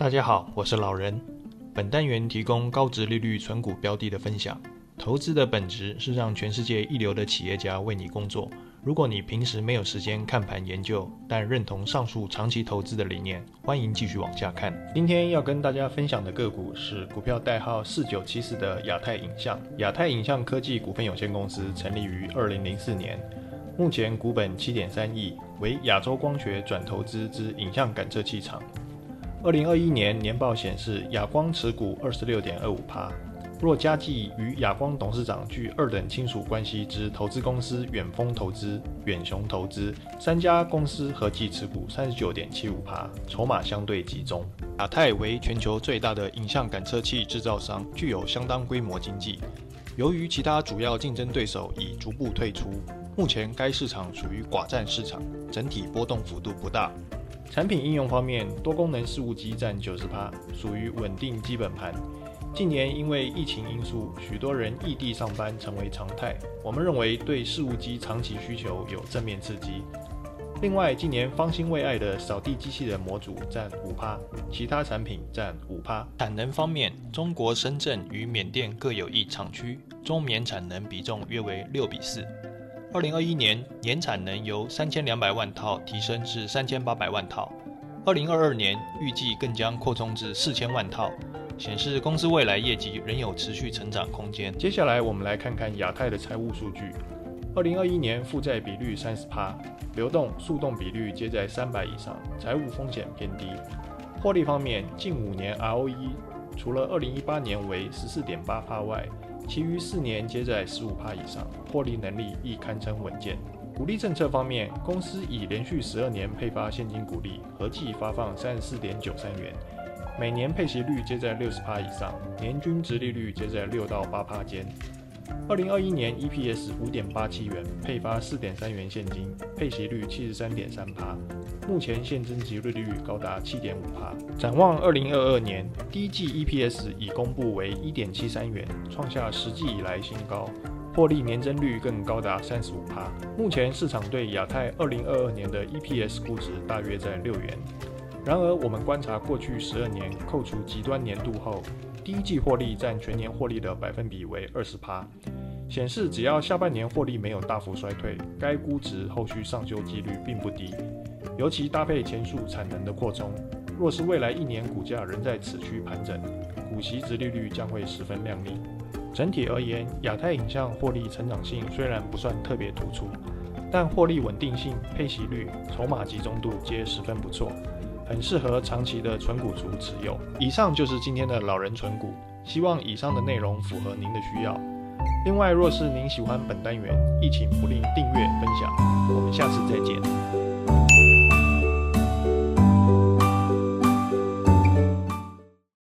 大家好，我是老人。本單元提供高殖利率存股標的的分享。投資的本質是讓全世界一流的企業家為你工作。如果你平時沒有時間看盤研究，但認同上述長期投資的理念，歡迎繼續往下看。今天要跟大家分享的個股是股票代號四九七四的亞泰影像。亞泰影像科技股份有限公司成立於二零零四年，目前股本七點三億，為亞洲光學轉投資之影像感測器廠。二零二一年年報顯示，亞光持股二十六點二五帕。若加計與亞光董事長具二等親屬關係之投資公司遠峰投資、遠雄投資三家公司合計持股三十九點七五帕，籌碼相對集中。亞泰為全球最大的影像感測器製造商，具有相當規模經濟。由於其他主要競爭對手已逐步退出，目前該市場屬於寡占市場，整體波動幅度不大。產品應用方面，多功能事務機占九十趴，屬於穩定基本盤。近年因為疫情因素，許多人異地上班成為常態，我們認為對事務機長期需求有正面刺激。另外，近年方興未艾的掃地機器人模組占五趴，其他產品占五趴。產能方面，中國深圳與緬甸各有一廠區，中緬產能比重約為六比四。4二零二一年年產能由三千兩百萬套提升至三千八百萬套，二零二二年預計更將擴充至四千萬套，顯示公司未來業績仍有持續成長空間。接下來我們來看看亞泰的財務數據：二零二一年負債比率三十趴，流動速動比率皆在三百以上，財務風險偏低。獲利方面，近五年 ROE。除了二零一八年為十四點八帕外，其餘四年皆在十五帕以上，獲利能力亦堪稱穩健。股利政策方面，公司已連續十二年配發現金股利，合計發放三十四點九三元，每年配息率皆在六十帕以上，年均殖利率皆在六到八帕間。二零二一年 EPS 五點八七元，配發四點三元現金，配息率七十三點三趴。目前現金殖利率高達七點五趴。展望二零二二年，第一季 EPS 已公布為一點七三元，創下實際以來新高，獲利年增率更高達三十五趴。目前市場對亞泰二零二二年的 EPS 估值大約在六元。然而，我們觀察過去十二年，扣除極端年度後，第一季獲利占全年獲利的百分比為二十八，顯示只要下半年獲利沒有大幅衰退，該估值後續上修幾率並不低。尤其搭配前述產能的擴充，若是未來一年股價仍在此區盤整，股息殖利率將會十分亮麗。整體而言，亞泰影像獲利成長性雖然不算特別突出，但獲利穩定性、配息率、籌碼集中度皆十分不錯。很適合長期的存股族持有。以上就是今天的老人存股，希望以上的內容符合您的需要。另外，若是您喜歡本單元，亦請不吝訂閱分享。我們下次再見。